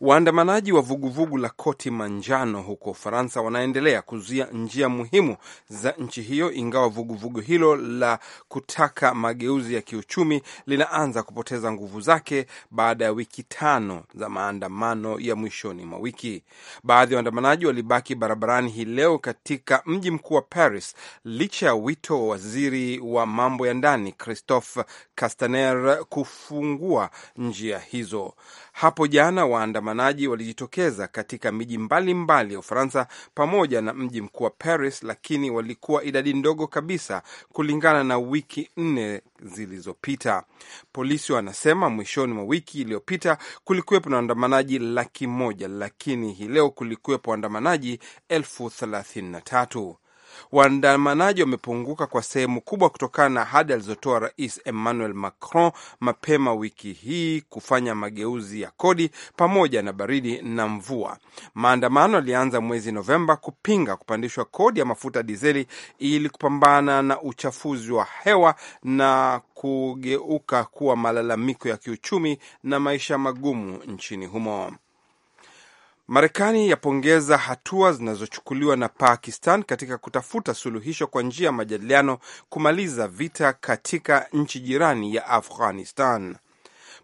Waandamanaji wa vuguvugu la koti manjano huko Ufaransa wanaendelea kuzuia njia muhimu za nchi hiyo, ingawa vuguvugu hilo la kutaka mageuzi ya kiuchumi linaanza kupoteza nguvu zake baada ya wiki tano za maandamano ya mwishoni mwa wiki. Baadhi ya waandamanaji walibaki barabarani hii leo katika mji mkuu wa Paris licha ya wito wa waziri wa mambo ya ndani Christophe Castaner kufungua njia hizo. Hapo jana waandamanaji walijitokeza katika miji mbalimbali ya Ufaransa pamoja na mji mkuu wa Paris, lakini walikuwa idadi ndogo kabisa kulingana na wiki nne zilizopita. Polisi wanasema mwishoni mwa wiki iliyopita kulikuwepo na waandamanaji laki moja lakini hii leo kulikuwepo waandamanaji elfu thelathini na tatu waandamanaji wamepunguka kwa sehemu kubwa kutokana na ahadi alizotoa Rais Emmanuel Macron mapema wiki hii kufanya mageuzi ya kodi pamoja na baridi na mvua. Maandamano yalianza mwezi Novemba kupinga kupandishwa kodi ya mafuta dizeli ili kupambana na uchafuzi wa hewa na kugeuka kuwa malalamiko ya kiuchumi na maisha magumu nchini humo. Marekani yapongeza hatua zinazochukuliwa na Pakistan katika kutafuta suluhisho kwa njia ya majadiliano kumaliza vita katika nchi jirani ya Afghanistan.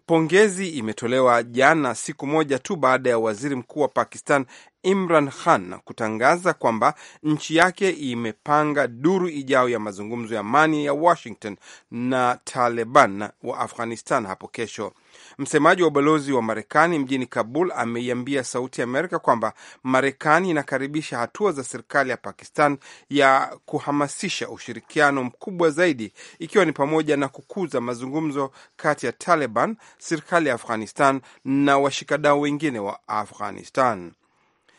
Pongezi imetolewa jana, siku moja tu baada ya waziri mkuu wa Pakistan Imran Khan kutangaza kwamba nchi yake imepanga duru ijayo ya mazungumzo ya amani ya Washington na Taliban wa Afghanistan hapo kesho. Msemaji wa ubalozi wa Marekani mjini Kabul ameiambia Sauti ya Amerika kwamba Marekani inakaribisha hatua za serikali ya Pakistan ya kuhamasisha ushirikiano mkubwa zaidi, ikiwa ni pamoja na kukuza mazungumzo kati ya Taliban, serikali ya Afghanistan na washikadau wengine wa Afghanistan.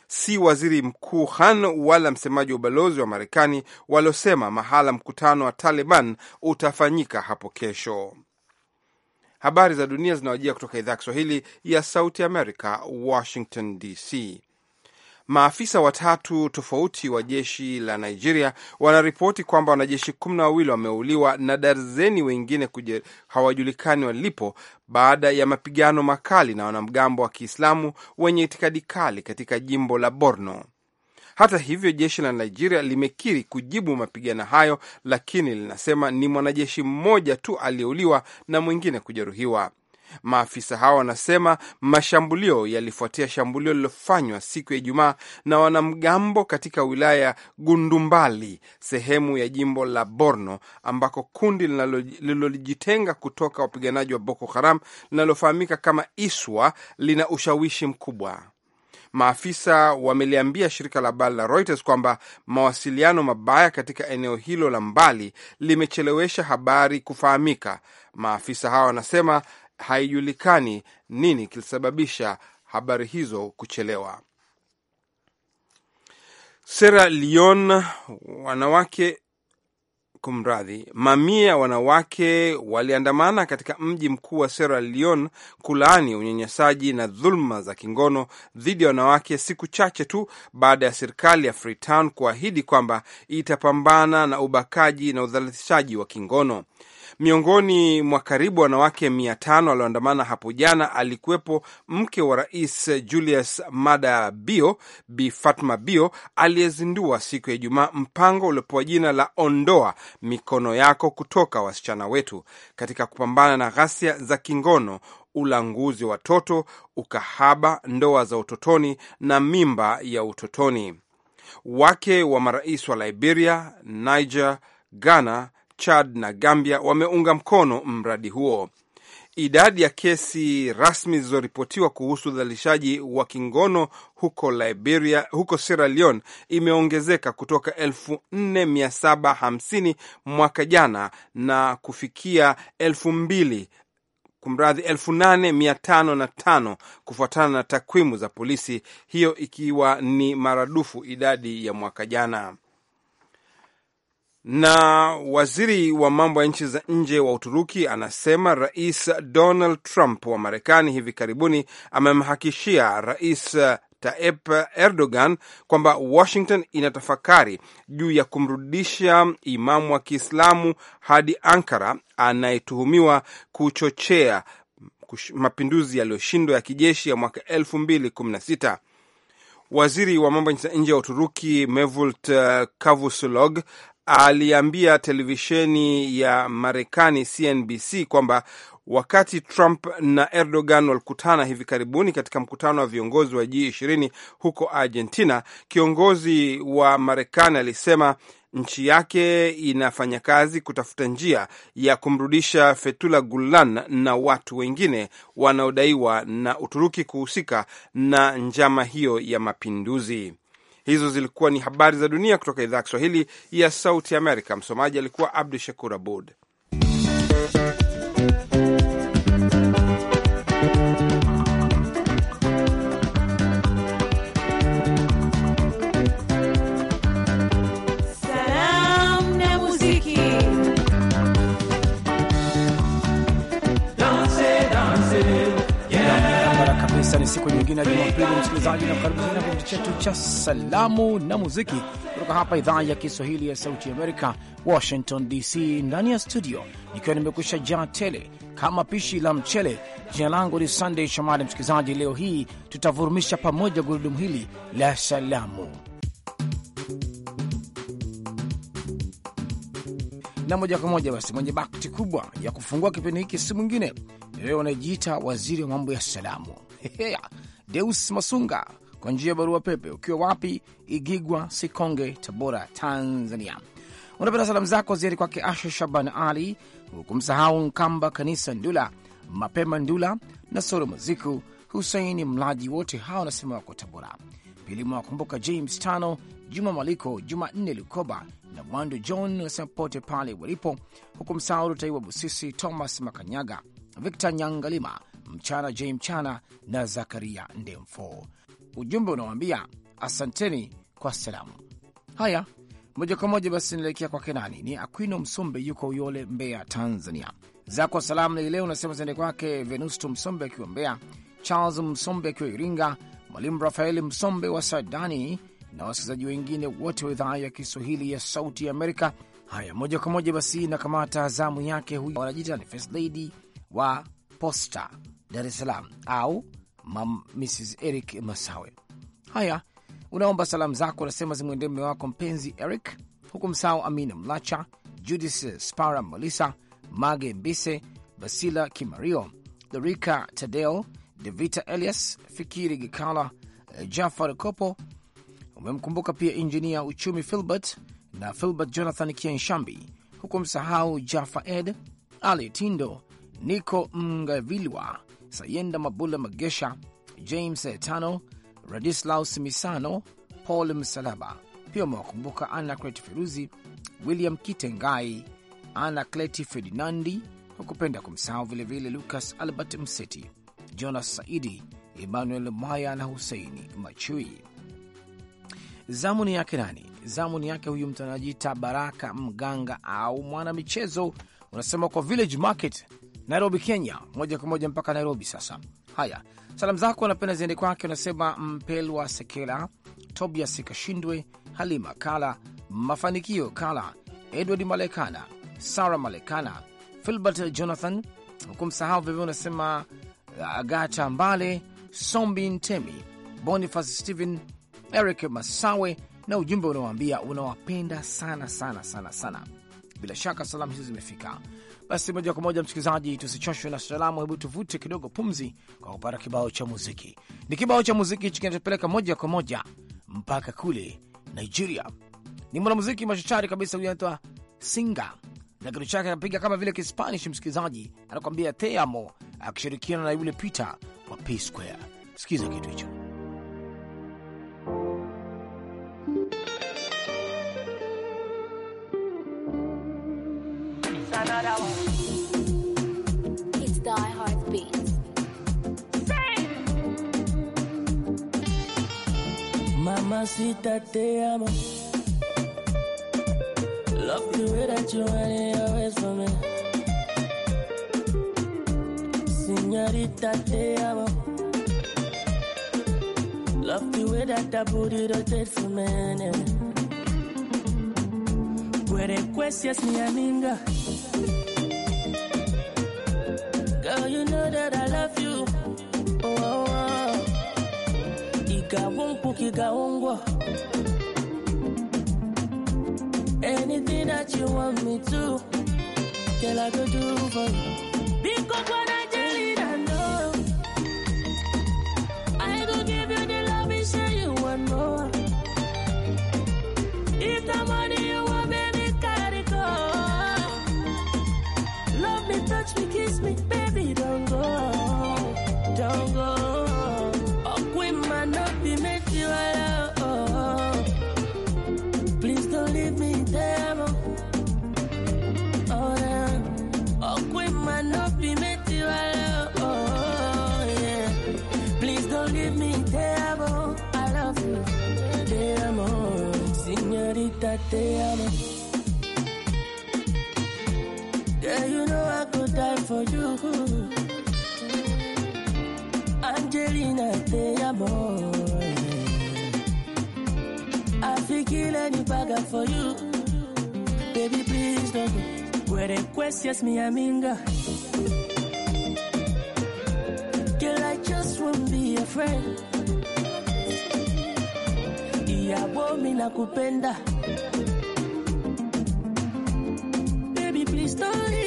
Si waziri mkuu Khan wala msemaji wa ubalozi wa Marekani waliosema mahala mkutano wa Taliban utafanyika hapo kesho. Habari za dunia zinawajia kutoka idhaa ya Kiswahili ya Sauti Amerika, Washington DC. Maafisa watatu tofauti wa jeshi la Nigeria wanaripoti kwamba wanajeshi kumi na wawili wameuliwa na darzeni wengine hawajulikani walipo baada ya mapigano makali na wanamgambo wa Kiislamu wenye itikadi kali katika jimbo la Borno. Hata hivyo, jeshi la Nigeria limekiri kujibu mapigano hayo, lakini linasema ni mwanajeshi mmoja tu aliyeuliwa na mwingine kujeruhiwa. Maafisa hawa wanasema mashambulio yalifuatia shambulio lililofanywa siku ya Ijumaa na wanamgambo katika wilaya ya Gundumbali, sehemu ya jimbo la Borno, ambako kundi lililojitenga kutoka wapiganaji wa Boko Haram linalofahamika kama ISWA lina ushawishi mkubwa. Maafisa wameliambia shirika la habari la Reuters kwamba mawasiliano mabaya katika eneo hilo la mbali limechelewesha habari kufahamika. Maafisa hawa wanasema haijulikani nini kilisababisha habari hizo kuchelewa. Sierra Leone wanawake kumradhi, mamia ya wanawake waliandamana katika mji mkuu wa Sierra Leone kulaani unyanyasaji na dhuluma za kingono dhidi ya wanawake, siku chache tu baada ya serikali ya Freetown kuahidi kwamba itapambana na ubakaji na udhalilishaji wa kingono. Miongoni mwa karibu wanawake mia tano walioandamana hapo jana alikuwepo mke wa rais Julius Mada Bio, Bi Fatma Bio, aliyezindua siku ya Ijumaa mpango uliopewa jina la Ondoa mikono yako kutoka wasichana wetu, katika kupambana na ghasia za kingono ulanguzi wa watoto, ukahaba, ndoa za utotoni na mimba ya utotoni. Wake wa marais wa Liberia, Niger, Ghana, Chad na Gambia wameunga mkono mradi huo. Idadi ya kesi rasmi zilizoripotiwa kuhusu udhalilishaji wa kingono huko Liberia, huko Sierra Leone imeongezeka kutoka 4750 mwaka jana na kufikia 2000 kumradhi 8505 kufuatana na takwimu za polisi, hiyo ikiwa ni maradufu idadi ya mwaka jana. Na waziri wa mambo ya nchi za nje wa Uturuki anasema Rais Donald Trump wa Marekani hivi karibuni amemhakishia Rais Tayyip Erdogan kwamba Washington inatafakari juu ya kumrudisha imamu wa Kiislamu hadi Ankara anayetuhumiwa kuchochea mapinduzi yaliyoshindwa ya kijeshi ya mwaka elfu Waziri wa mambo ya nje wa Uturuki Mevlut Cavusoglu aliambia televisheni ya Marekani CNBC kwamba wakati Trump na Erdogan walikutana hivi karibuni katika mkutano wa viongozi wa G20 huko Argentina, kiongozi wa Marekani alisema nchi yake inafanya kazi kutafuta njia ya kumrudisha Fethullah Gulen na watu wengine wanaodaiwa na Uturuki kuhusika na njama hiyo ya mapinduzi. Hizo zilikuwa ni habari za dunia kutoka idhaa ya Kiswahili ya Sauti Amerika. Msomaji alikuwa Abdu Shakur Abud. siku nyingine ya Jumapili, msikilizaji, na tena kipindi chetu cha salamu na muziki kutoka hapa idhaa ya Kiswahili ya Sauti Amerika, Washington DC, ndani ya studio ikiwa nimekusha jaa tele kama pishi la mchele. Jina langu ni Sunday Shomari. Msikilizaji, leo hii tutavurumisha pamoja gurudumu hili la salamu na moja kwa moja basi, mwenye bakti kubwa ya kufungua kipindi hiki si mwingine, wewe, wanajiita waziri wa mambo ya salamu Heheya Deus Masunga kwa njia ya barua pepe, ukiwa wapi Igigwa, Sikonge, Tabora, Tanzania. Unapenda salamu zako ziari kwake Asha Shaban Ali, hukumsahau Nkamba Kanisa Ndula, Mapema Ndula na Soro Maziku, Huseini Mlaji, wote hawa wanasema wako Tabora. Pili mwakumbuka James Tano, Juma Maliko, Juma Nne Lukoba na Mwando John, wanasema popote pale walipo, hukumsahau Rutaiwa Busisi, Thomas Makanyaga, Victor Nyangalima Mchana J Mchana na Zakaria Ndemfo. Ujumbe unawaambia asanteni kwa salamu. Haya, moja kwa moja basi naelekea kwake. Nani ni Akwino Msombe, yuko Uyole, Mbeya, Tanzania. zako salamu na ileo unasema zende kwake Venusto Msombe akiwa Mbeya, Charles Msombe akiwa Iringa, Mwalimu Rafaeli Msombe wa Sadani na wasikilizaji wengine wote wa idhaa ya Kiswahili ya Sauti ya Amerika. Haya, moja kwa moja basi nakamata zamu yake, huyu anajiita ni First Lady wa Posta Dar es Salaam au Mrs Eric Masawe. Haya, unaomba salamu zako unasema zimwendee mume wako mpenzi Eric, huku msao Amina Mlacha, Judith Spara, Malisa Mage, Mbise Basila, Kimario Dorika, Tadeo Devita, Elias Fikiri Gikala, eh, Jafar Kopo. Umemkumbuka pia injinia uchumi Filbert na Filbert Jonathan Kienshambi, huku msahau Jafa Ed Ali Tindo, Niko Mgavilwa Sayenda Mabula Magesha, James Etano, Radislaus Misano, Paul Msalaba. Pia wamewakumbuka Ana Kleti Feruzi, William Kitengai, Ana Kleti Ferdinandi, hukupenda kumsahau vilevile Lucas Albert Mseti, Jonas Saidi, Emmanuel Maya na Huseini Machui. zamuni yake nani? zamuni yake huyu mtu anajiita Baraka Mganga au mwanamichezo, unasema kwa Village Market Nairobi, Kenya, moja kwa moja mpaka Nairobi. Sasa haya, salamu zako anapenda ziende kwake, anasema Mpelwa Sekela, Tobias Kashindwe, Halima Kala, Mafanikio Kala, Edward Malekana, Sara Malekana, Filbert Jonathan, hukumsahau vivyo, unasema uh, Agata Mbale, Sombi Ntemi, Bonifas Stephen, Eric Masawe, na ujumbe unawaambia unawapenda sana sana sana sana. Bila shaka salamu hizo zimefika. Basi moja kwa moja, msikilizaji, tusichoshwe na salamu, hebu tuvute kidogo pumzi kwa kupata kibao cha muziki. Ni kibao cha muziki hichi kinachopeleka moja kwa moja mpaka kule Nigeria. Ni mwanamuziki machachari kabisa, huyu anaitwa Singa na kitu chake anapiga kama vile Kispanish. Msikilizaji anakuambia teamo akishirikiana na yule Peter wa P Square. Sikiza kitu hicho. Mamacita, te amo. Love the way that you any always for me. Señorita, te amo. Love the way that that booty rotates for me. Werequesias, mi amiga. Girl, you know that I love you. Kikaungwa. Anything that you want me to, can I go do for you. Angelina te amo for you Baby please don't go Where the aminga Girl I just won't be friend Iyabo mi Baby please don't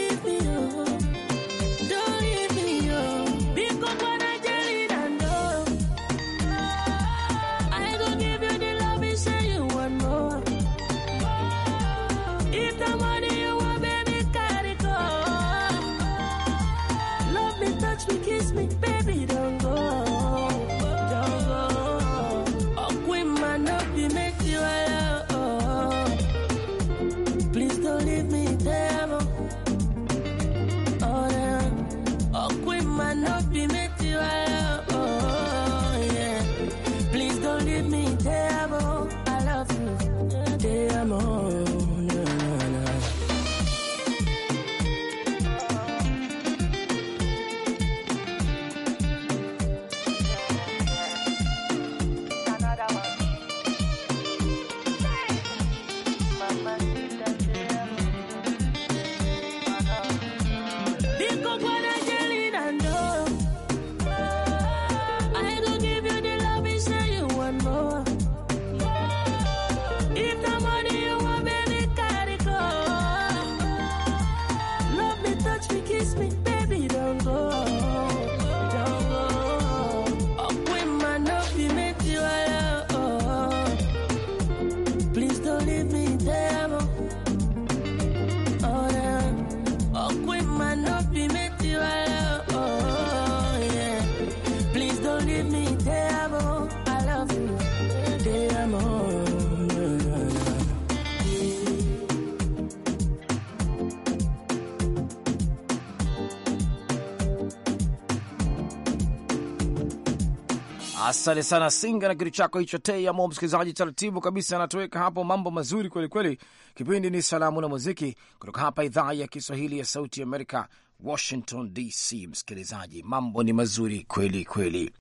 Asante sana Singa na kitu chako hicho ama Msikilizaji, taratibu kabisa anatoweka hapo, mambo mazuri kwelikweli. Kipindi ni Salamu na Muziki kutoka hapa Idhaa ya Kiswahili ya Sauti ya Amerika, Washington DC. Msikilizaji, mambo ni mazuri kweli kweli.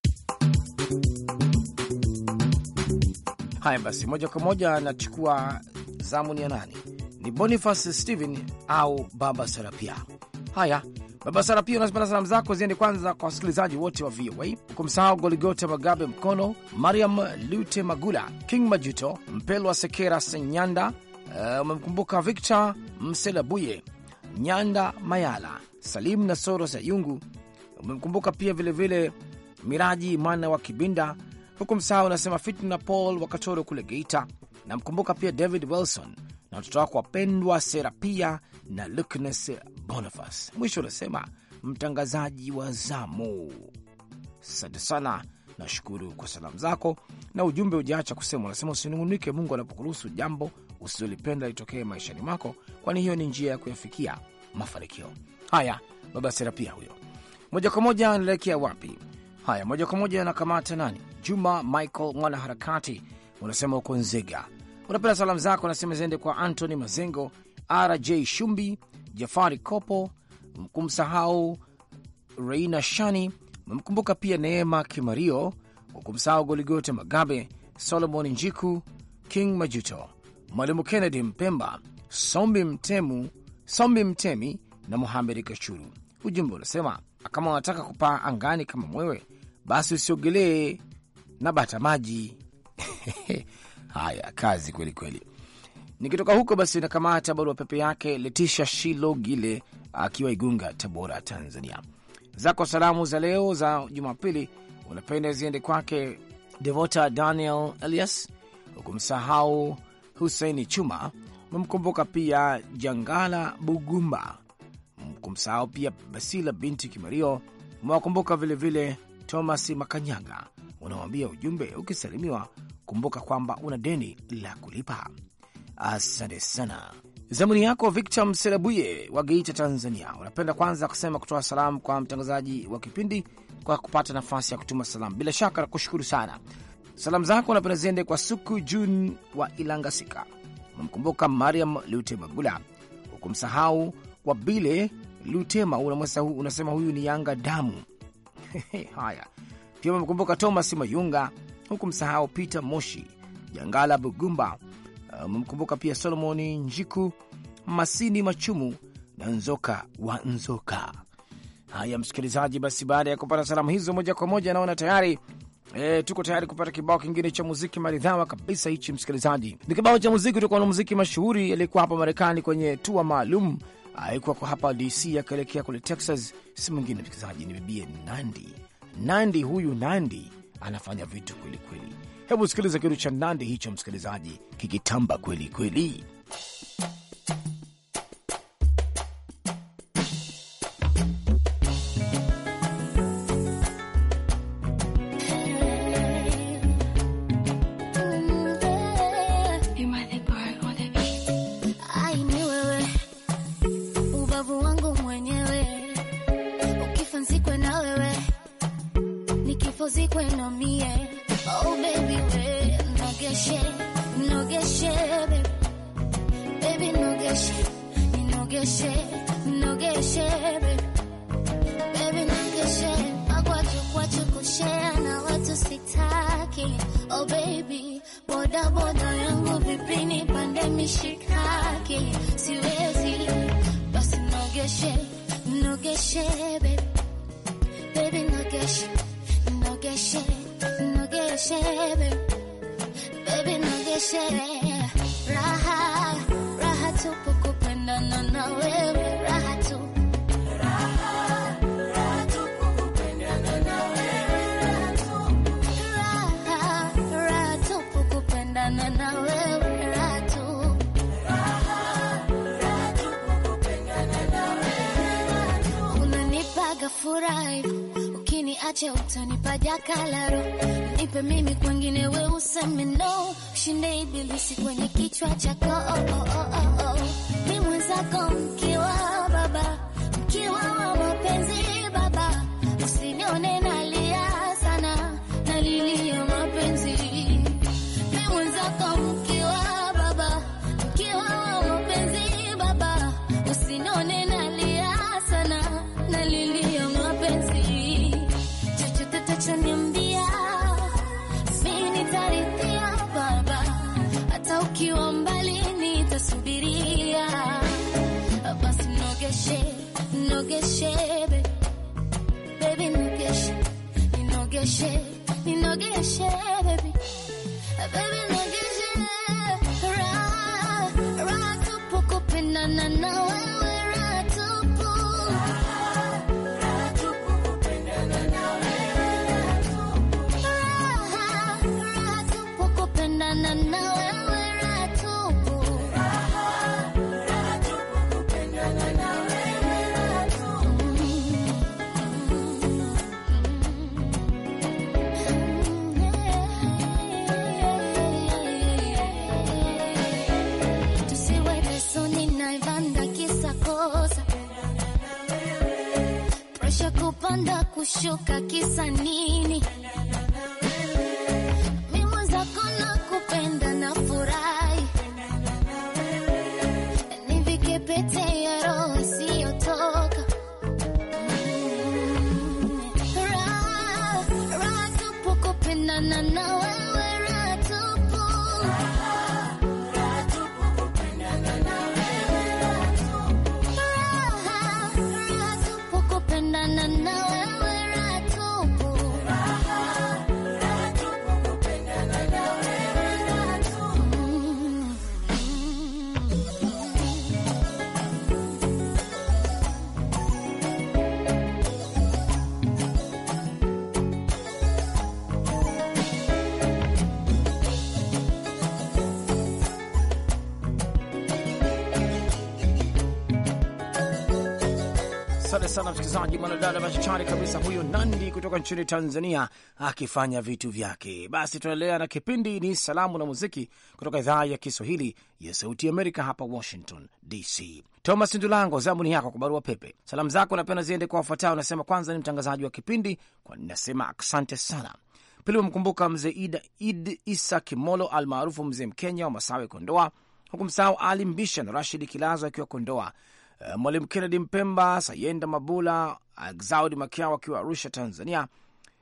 Haya basi, moja kwa moja anachukua zamu ni ya nani? Ni Boniface Steven au Baba Serapia. Haya, Baba Sara pia unazipata salamu zako ziende kwanza kwa wasikilizaji wote wa VOA, kumsahau Goligota Magabe Mkono, Mariam Lute Magula, King Majuto, Mpelwa Sekera Senyanda. Uh, umemkumbuka Victor Mselabuye, Nyanda Mayala, Salim na Soro Sayungu. Umemkumbuka pia vilevile vile Miraji mwana wa Kibinda, huku msahau unasema Fitna Paul Wakatoro kule Geita. Namkumbuka pia David Wilson na watoto wako wapendwa Serapia na Luknes Boniface. Mwisho unasema mtangazaji wa zamu, asante sana, nashukuru kwa salamu zako na ujumbe ujaacha kusema. Unasema usinung'unike Mungu anapokuruhusu jambo usilolipenda litokee maishani mwako, kwani hiyo ni njia ya kuyafikia mafanikio. Haya, baba Serapia huyo, moja kwa moja anaelekea wapi? Haya, moja kwa moja anakamata nani? Juma Michael mwanaharakati, unasema uko Nzega, unapenda salamu zako, unasema ziende kwa Antony Mazengo, RJ Shumbi, Jafari Kopo mkumsahau Reina Shani, mmemkumbuka pia Neema Kimario, kumsahau Goligote Magabe, Solomon Njiku, King Majuto, Mwalimu Kennedy Mpemba, Sombi Mtemu, Sombi Mtemi na Muhamedi Kachuru. Ujumbe unasema kama wanataka kupaa angani kama mwewe, basi usiogelee na bata maji. Haya, kazi kweli kweli. Nikitoka huko basi nakamata barua pepe yake Letisha Shilogile akiwa Igunga, Tabora, Tanzania. Zako salamu za leo za Jumapili unapenda ziende kwake Devota Daniel Elias, hukumsahau Huseini Chuma, umemkumbuka pia Jangala Bugumba, kumsahau pia Basila binti Kimario, umewakumbuka vilevile Thomas Makanyaga. Unamwambia ujumbe, ukisalimiwa kumbuka kwamba una deni la kulipa. Asante sana. Zamuni yako Victor Mselabuye wa Geita, Tanzania, unapenda kwanza kusema kutoa salamu kwa mtangazaji wa kipindi kwa kupata nafasi ya kutuma salamu. Bila shaka nakushukuru sana. Salamu zako unapenda ziende kwa Suku Jun wa Ilangasika, umemkumbuka Mariam Lute Magula, hukumsahau wa Bile Lutema, unasema huyu ni Yanga damu haya pia umemkumbuka Thomas Mayunga, hukumsahau Peter Moshi Jangala Bugumba Amemkumbuka pia Solomoni Njiku, Masini Machumu na Nzoka wa Nzoka. Haya msikilizaji, basi baada ya kupata salamu hizo moja kwa moja, naona tayari E, tuko tayari kupata kibao kingine cha muziki maridhawa kabisa. Hichi msikilizaji, ni kibao cha muziki kutoka na muziki mashuhuri aliyekuwa hapa Marekani kwenye tua maalum, aikuwa kwa hapa DC akaelekea kule Texas. Si mwingine msikilizaji, ni bibie Nandi. Nandi huyu Nandi anafanya vitu kwelikweli. Hebu sikiliza kitu cha Nandi hicho msikilizaji, kikitamba kweli kweli. niache, utanipa jakalaro, nipe mimi kwengine, we useme no, shinde ibilisi kwenye kichwa chako, oh, oh, oh, oh. mi oh. mwenzako mkiwa kushoka kisa nini? sana msikilizaji, mwanadada mashachari kabisa huyo Nandi kutoka nchini Tanzania akifanya vitu vyake. Basi tunaendelea na kipindi ni Salamu na Muziki kutoka idhaa ya Kiswahili ya Sauti Amerika hapa Washington DC. Thomas Ndulango, zamu ni yako kwa barua pepe. Salamu zako napenda ziende kwa wafuatao. Nasema kwanza ni mtangazaji wa kipindi, kwani nasema asante sana. Pili umemkumbuka mzee Id, Id Isa Kimolo almaarufu mzee Mkenya wa Masawe, Kondoa, huku msahau Ali Mbisha na Rashid Kilazo akiwa Kondoa. Eh, Mwalimu Kennedy Mpemba, Sayenda Mabula, Exaudi eh, Makia wakiwa Arusha, Tanzania.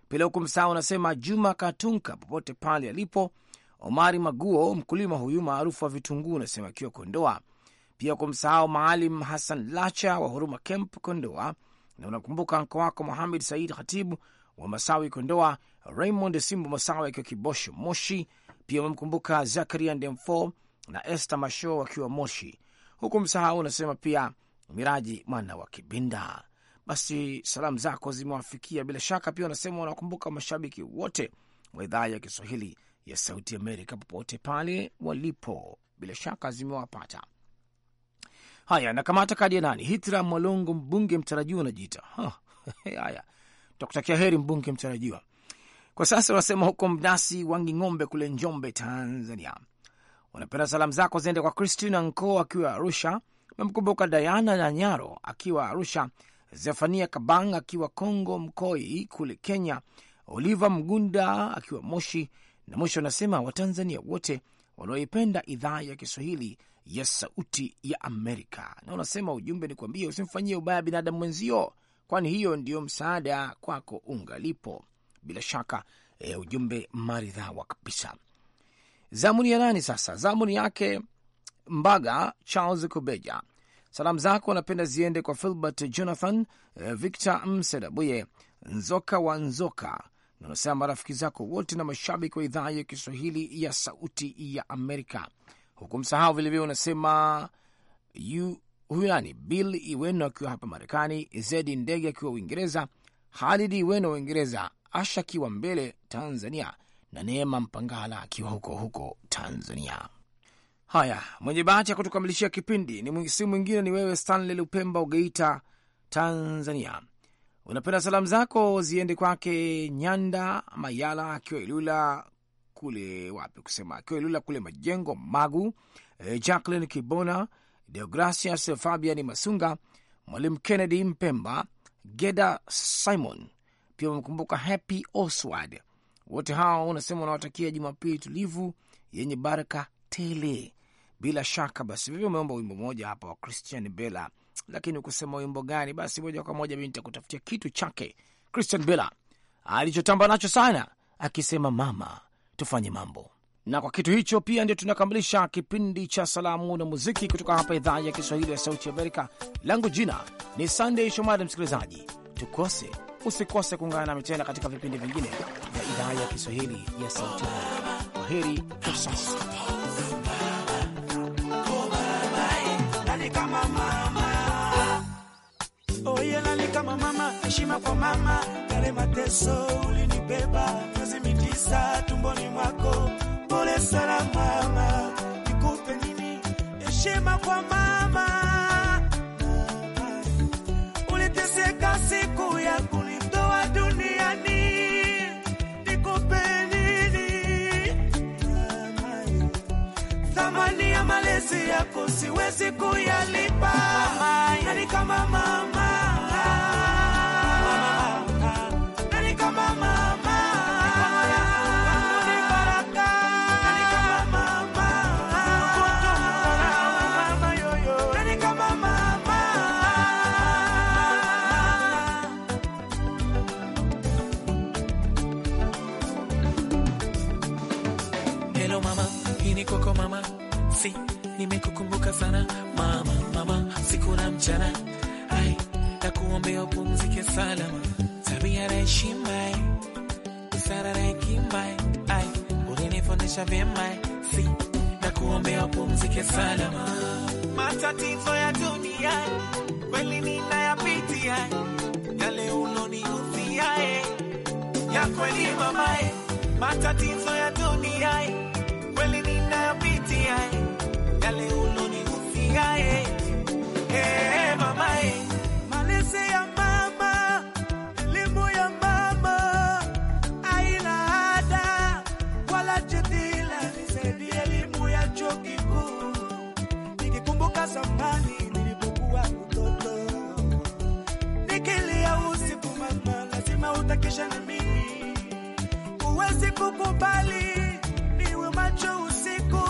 Pila huku msaa unasema Juma Katunka popote pale alipo. Omari Maguo, mkulima huyu maarufu wa vitunguu, unasema akiwa Kondoa. Pia msahau Maalim Hassan Lacha wa Huruma Camp, Kondoa, na unakumbuka anko wako Muhamed Said Khatibu wa Masawi, Kondoa, Raymond Simbu Masawi akiwa Kibosho, Moshi. Pia umemkumbuka Zakaria Ndemfo na Esther Masho wakiwa Moshi. Huku msahau unasema pia Miraji mwana wa Kibinda. Basi salamu zako zimewafikia bila shaka, pia wanasema wanakumbuka mashabiki wote wa idhaa ya Kiswahili ya Sauti Amerika popote pale walipo, bila shaka zimewapata. Haya, nakamata kadi ya nani? Hitra Mwalongo, mbunge mtarajiwa anajiita. Haya, tutakutakia heri mbunge mtarajiwa. Kwa sasa wanasema huko Mnasi Wangi Ng'ombe kule Njombe, Tanzania, wanapenda salamu zako ziende kwa Christina Nko akiwa Arusha, memkumbuka Diana na Nyaro akiwa Arusha, Zefania Kabang akiwa congo Mkoi kule Kenya, Oliva Mgunda akiwa Moshi, na mwisho anasema Watanzania wote wanaoipenda idhaa ya Kiswahili ya Sauti ya Amerika. Na unasema ujumbe ni kuambia usimfanyie ubaya binadamu mwenzio, kwani hiyo ndiyo msaada kwako ungalipo. Bila shaka e, ujumbe maridhawa kabisa. Zamuni ya nani sasa? Zamuni yake Mbaga Charles Kubeja. Salamu zako wanapenda ziende kwa Filbert Jonathan, eh, Victor Mselabuye, Nzoka wa Nzoka, na unasema marafiki zako wote na mashabiki wa idhaa ya Kiswahili ya Sauti ya Amerika, huku msahau vilevile. Unasema huyu nani, Bill Iweno akiwa hapa Marekani, Zedi Ndege akiwa Uingereza, Halidi Iweno wa Uingereza, Asha akiwa Mbele Tanzania, na Neema Mpangala akiwa huko huko Tanzania. Haya, mwenye bahati ya kutukamilishia kipindi ni simu mwingine, ni wewe Stanley Lupemba Ugeita, Tanzania. Unapenda salamu zako ziende kwake Nyanda Mayala akiwa Ilula kule wapi kusema, akiwa Ilula kule Majengo Magu, e, Jacqueline Kibona, Deogracias Fabian Masunga, Mwalimu Kennedy Mpemba, Geda Simon, pia wamkumbuka Happy Oswald. Wote hao unasema unawatakia Jumapili tulivu yenye baraka tele. Bila shaka basi, vivyo umeomba wimbo moja hapa wa Christian Bella, lakini ukusema wimbo gani? Basi moja kwa moja mi nitakutafutia kitu chake Christian Bella alichotamba nacho sana, akisema mama, tufanye mambo. Na kwa kitu hicho pia ndio tunakamilisha kipindi cha salamu na muziki kutoka hapa idhaa ya Kiswahili ya Sauti Amerika. Langu jina ni sandey Shomari. Msikilizaji, tukose usikose kuungana nami tena katika vipindi vingine vya idhaa ya Kiswahili ya Sauti Amerika. Kwa heri kwa sasa. kama mama, oye nani kama mama, heshima kwa mama. Yale mateso ulinibeba miezi mitisa tumboni mwako, pole sana mama, nikupe nini? Heshima kwa mama siku yalipa nani kama mama kupenda sana mama, mama, siku na mchana, ai nakuombea upumzike salama, tabia na heshima, busara na hekima, ai ulinifundisha vyema, si nakuombea upumzike salama. Matatizo ya dunia kweli ninayapitia, yale ulonihusia eh. ya kweli mamae, eh. matatizo ya dunia eh. kweli ninayapitia yale hujaniamini, huwezi kukubali niwe macho usiku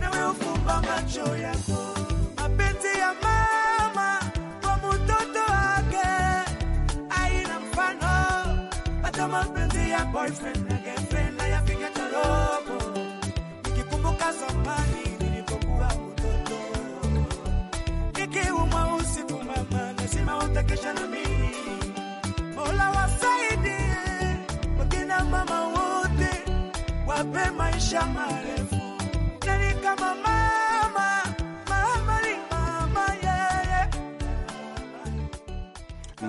nawe ufumba macho yako. Mapenzi ya mama kwa mtoto wake aina mfano, hata mapenzi ya boyfriend na girlfriend hayafika torobo. Nikikumbuka zamani nilipokuwa mtoto, nikiumwa usiku mama, lazima utakesha nami shama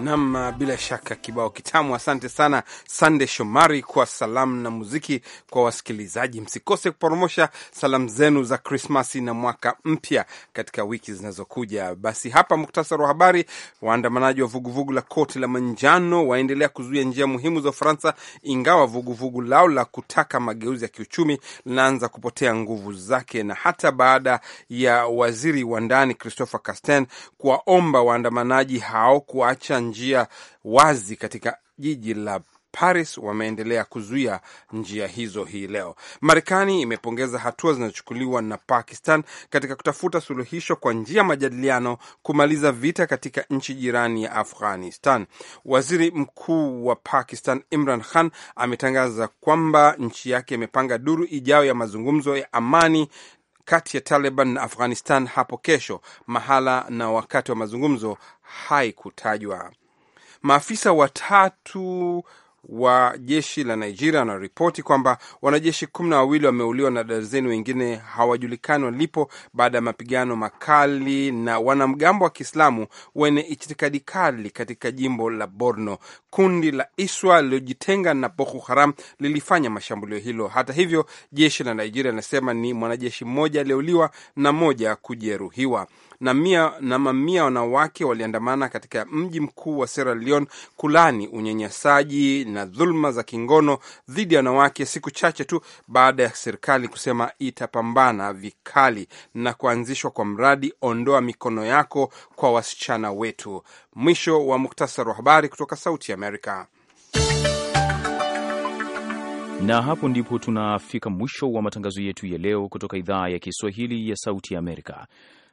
Nam, uh, bila shaka kibao kitamu. Asante sana Sande Shomari kwa salamu na muziki kwa wasikilizaji. Msikose kuporomosha salamu zenu za Krismasi na mwaka mpya katika wiki zinazokuja. Basi hapa muktasari wa habari. Waandamanaji wa vuguvugu la koti la manjano waendelea kuzuia njia muhimu za Ufaransa, ingawa vuguvugu lao la kutaka mageuzi ya kiuchumi linaanza kupotea nguvu zake, na hata baada ya waziri wa ndani Christopher Castaing kuwaomba waandamanaji hao kuacha njia wazi katika jiji la Paris wameendelea kuzuia njia hizo hii leo. Marekani imepongeza hatua zinazochukuliwa na Pakistan katika kutafuta suluhisho kwa njia ya majadiliano kumaliza vita katika nchi jirani ya Afghanistan. Waziri Mkuu wa Pakistan Imran Khan ametangaza kwamba nchi yake imepanga duru ijayo ya mazungumzo ya amani kati ya Taliban na Afghanistan hapo kesho. Mahala na wakati wa mazungumzo haikutajwa. Maafisa watatu wa jeshi la Nigeria wanaripoti kwamba wanajeshi kumi na wawili wameuliwa na darzeni wengine hawajulikani walipo baada ya mapigano makali na wanamgambo wa Kiislamu wenye itikadi kali katika jimbo la Borno. Kundi la ISWA lililojitenga na Boko Haram lilifanya mashambulio hilo. Hata hivyo, jeshi la Nigeria linasema ni mwanajeshi mmoja aliyeuliwa na moja kujeruhiwa na, mia, na mamia wanawake waliandamana katika mji mkuu wa Sierra Leone kulani unyanyasaji na dhuluma za kingono dhidi ya wanawake, siku chache tu baada ya serikali kusema itapambana vikali na kuanzishwa kwa mradi ondoa mikono yako kwa wasichana wetu. Mwisho wa muktasari wa habari kutoka Sauti Amerika. Na hapo ndipo tunafika mwisho wa matangazo yetu ya leo kutoka idhaa ya Kiswahili ya Sauti Amerika.